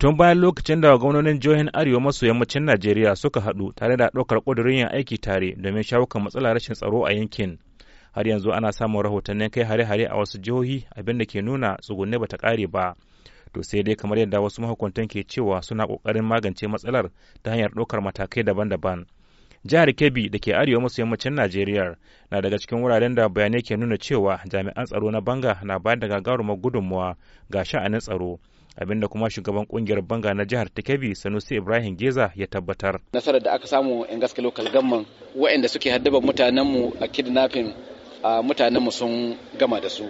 tun bayan lokacin da gwamnonin jihohin arewa maso yammacin najeriya suka haɗu tare da ɗaukar ƙudurin yin aiki tare domin shawo kan matsalar rashin tsaro a yankin har yanzu ana samun rahotannin kai hare-hare a wasu jihohi abin da ke nuna tsugunne bata ƙare ba to sai dai kamar yadda wasu mahukuntan ke cewa suna ƙoƙarin magance matsalar ta hanyar ɗaukar matakai daban-daban jihar kebbi da ke arewa maso yammacin najeriya na daga cikin wuraren da bayanai ke nuna cewa jami'an tsaro na banga na bayar da gagarumar gudunmuwa ga sha'anin tsaro abinda kuma shugaban kungiyar banga na jihar ta kebbi Sanusi Ibrahim Geza ya tabbatar. Nasarar da aka samu yan gaske lokal gamman wa'anda suke haddaba mutanenmu a kidnapping a mutanenmu sun gama da su.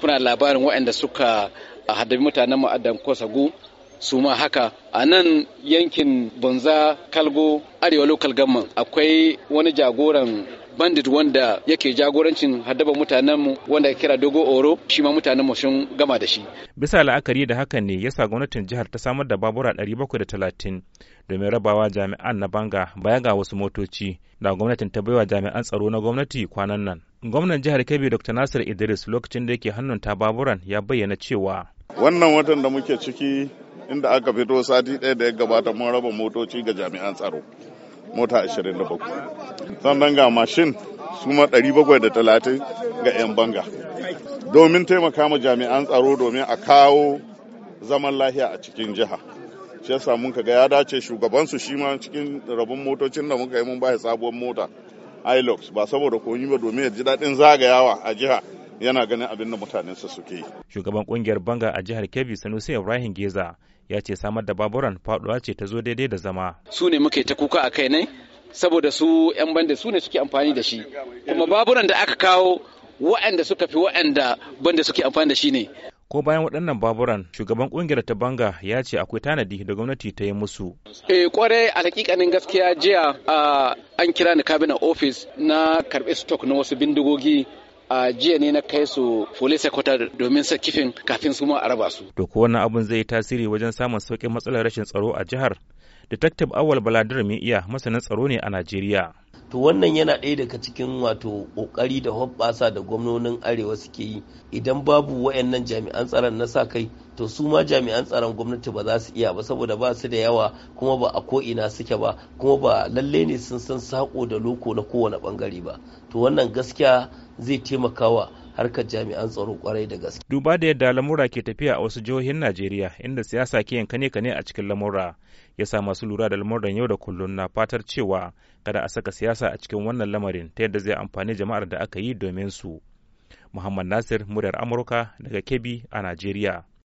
Kuna labarin wa'anda suka haddabi mutanenmu a Danko kosagu su ma haka a nan yankin banza kalgo arewa lokal gamman akwai wani jagoran bandit wanda yake jagorancin haddaba mutanen mu wanda kira dogo oro shi ma mutanen mu sun gama da shi bisa la'akari da hakan ne ya sa gwamnatin jihar ta samar da babura 730 domin rabawa jami'an na banga baya ga wasu motoci da gwamnatin ta baiwa jami'an tsaro na gwamnati kwanan nan gwamnan jihar kebbi dr nasir idris lokacin da yake hannun ta baburan ya bayyana cewa wannan watan da muke ciki inda aka fito sati ɗaya da ya gabata mun raba motoci ga jami'an tsaro mota 27 sannan ga mashin su ma 730 ga 'yan banga domin taimaka ma jami'an tsaro domin a kawo zaman lahiya a cikin jiha shi yasa mun ga ya dace shugabansu shi ma cikin rabin motocin da muka yi mun ba sabuwar mota ilox ba saboda komi ba domin ya ji daɗin zagayawa a jiha yana ganin abin da mutanensa suke shugaban kungiyar banga a jihar kebbi sanusi ibrahim geza ya ce samar da baburan faduwa ce ta zo daidai da zama su ne muke ta kuka a kai ne saboda su 'yan banda su ne suke amfani da shi kuma baburan da aka kawo waɗanda suka fi waɗanda banda suke amfani da shi ne ko bayan waɗannan baburan shugaban ƙungiyar ta banga ya ce akwai tanadi da gwamnati ta yi musu. e kwarai a hakikanin gaskiya jiya ah, an kira ni kabinan ofis na karɓi stock na wasu bindigogi a jiya ne na kai su police headquarter domin sa kifin kafin su ma a raba su to ko wannan abun zai yi tasiri wajen samun sauƙin matsalar rashin tsaro a jihar Detective Awal Baladir mai iya masanin tsaro ne a Najeriya. To wannan yana ɗaya daga cikin wato ƙoƙari da hoɓɓasa da gwamnonin Arewa suke yi idan babu wayannan jami'an tsaron na sa kai to su ma jami'an tsaron gwamnati ba za su iya ba saboda ba su da yawa kuma ba a ko'ina suke ba kuma ba lalle ne sun san sako da loko na kowane bangare ba to wannan gaskiya zai taimakawa harkar jami'an tsaro kwarai da gaske. Duba da yadda lamura ke tafiya a wasu jihohin Najeriya inda siyasa ke yin kane kane a cikin lamura ya sa masu lura da lamuran yau da kullum na fatar cewa kada a saka siyasa a cikin wannan lamarin ta yadda zai amfani jama'ar da aka yi domin su. Muhammad Nasir, muryar Amurka daga Kebbi a Najeriya.